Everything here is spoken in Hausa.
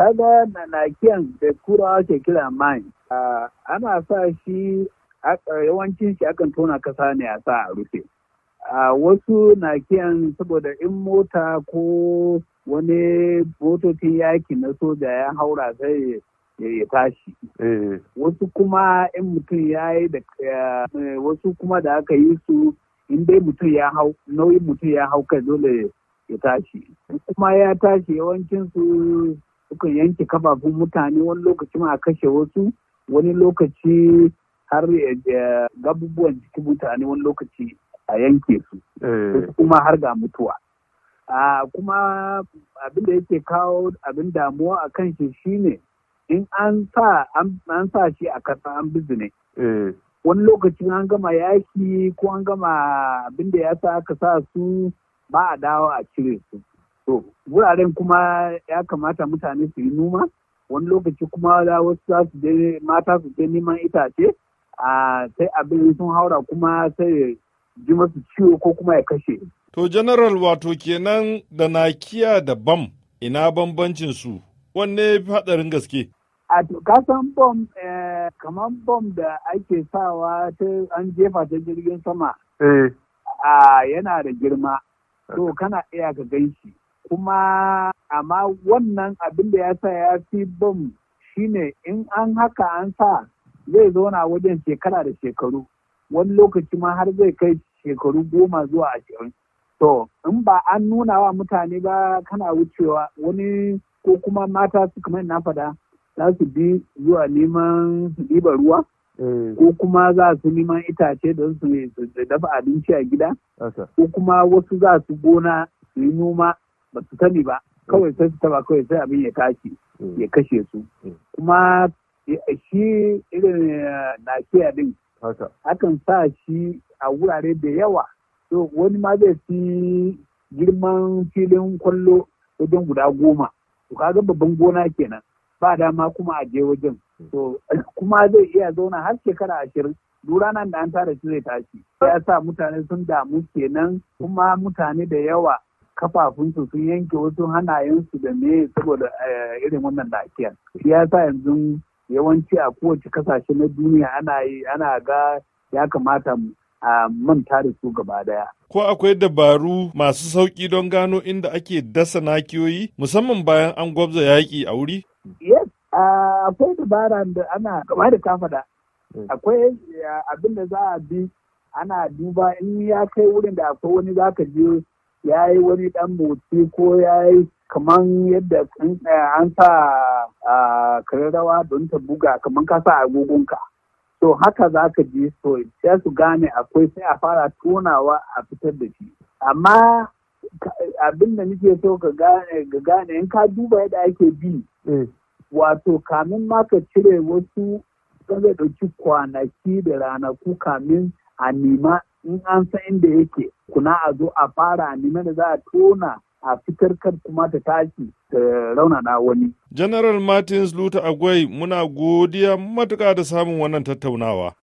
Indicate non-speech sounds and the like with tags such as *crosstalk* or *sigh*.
kaga na nakiyan da kurawa ke kira mine ana sa shi yawancin shi akan tona kasa ne a sa a rufe a wasu nakiyan saboda in mota ko wani motocin yaki na soja ya haura sai ya tashi eh. wasu kuma in mutum ya yi da wasu kuma da aka yi su in dai mutum ya hau nauyin mutum ya hau kai dole ya tashi kuma ya tashi yawancin su sukan yanke kafafun mutane wani lokaci ma a kashe wasu wani lokaci har eh, gabubuwan jikin mutane wani lokaci a yanke su eh. kuma har ga mutuwa kuma abin da yake kawo abin damuwa a kan shi shine in an sa shi a kasa an bizine eh. wani lokacin an gama yaki ko an gama abin da ya sa aka sa su ba a dawo a cire su To, wuraren kuma ya kamata mutane su yi noma, wani lokaci kuma wasu za su je mata su je neman itace, a sai abin sun haura kuma sai ji masu ciwo ko kuma ya kashe. To, General wato kenan da nakiya da bam ina bambancin su, wanne fi haɗarin gaske? A kasan bom, eh, kamar bom da ake sawa ta an jefa ta jirgin sama. Eh. a yana da girma. To, kana iya ka gan shi. kuma amma wannan abin da ya sa ya fi bam shine in an haka an sa zai zauna wajen shekara da shekaru wani lokaci ma har zai kai shekaru goma zuwa ashirin to in ba an nuna wa mutane ba kana wucewa wani ko kuma mata su kamar na faɗa za su bi zuwa neman ɗiba ruwa eh. ko kuma za su neman itace don su dafa abinci a gida ko kuma wasu za su gona su yi noma ba su sani ba kawai sai su taba kawai sai abin ya tashi mm. ya kashe su mm. kuma eh, shi irin eh, nakiya din hakan sa shi a wurare da yawa to wani ma zai fi girman filin kwallo wajen guda goma to kaga babban gona kenan ba dama kuma a je wajen mm. to *laughs* kuma zai iya zauna har shekara ashirin lura nan da an tara shi zai tashi ya sa mutane sun damu kenan kuma mutane da yawa kafafunsu sun yanke wasu hannayensu da me saboda eh, irin wannan lafiyar shi ya sa yanzu yawanci a kowace kasashe na duniya ana yi ana ga ya kamata a manta da su gaba daya ko akwai dabaru masu sauki don gano inda ake dasa nakiyoyi musamman bayan an gwabza yaƙi a wuri yes akwai dabara da ana gaba da kafada akwai eh, abin da za a bi ana duba in ya kai wurin da akwai wani za ka je ya yi wani ɗan motsi ko ya yi kamar yadda eh, an sa a kararrawa don ta buga kamar ka sa agogonka to haka za ka ji so sai su gane akwai sai a fara tonawa a fitar da shi amma abin da nake so ka gane in ka duba yadda ake bi mm. wato kamin ma ka cire wasu zai ɗauki kwanaki da ranaku kamin a nema in an san inda yake kuna a zo a fara neman da za a tona a fitar kar kuma ta tashi ta rauna na wani. General Martins Luther Agwai muna godiya matuƙa da samun wannan tattaunawa.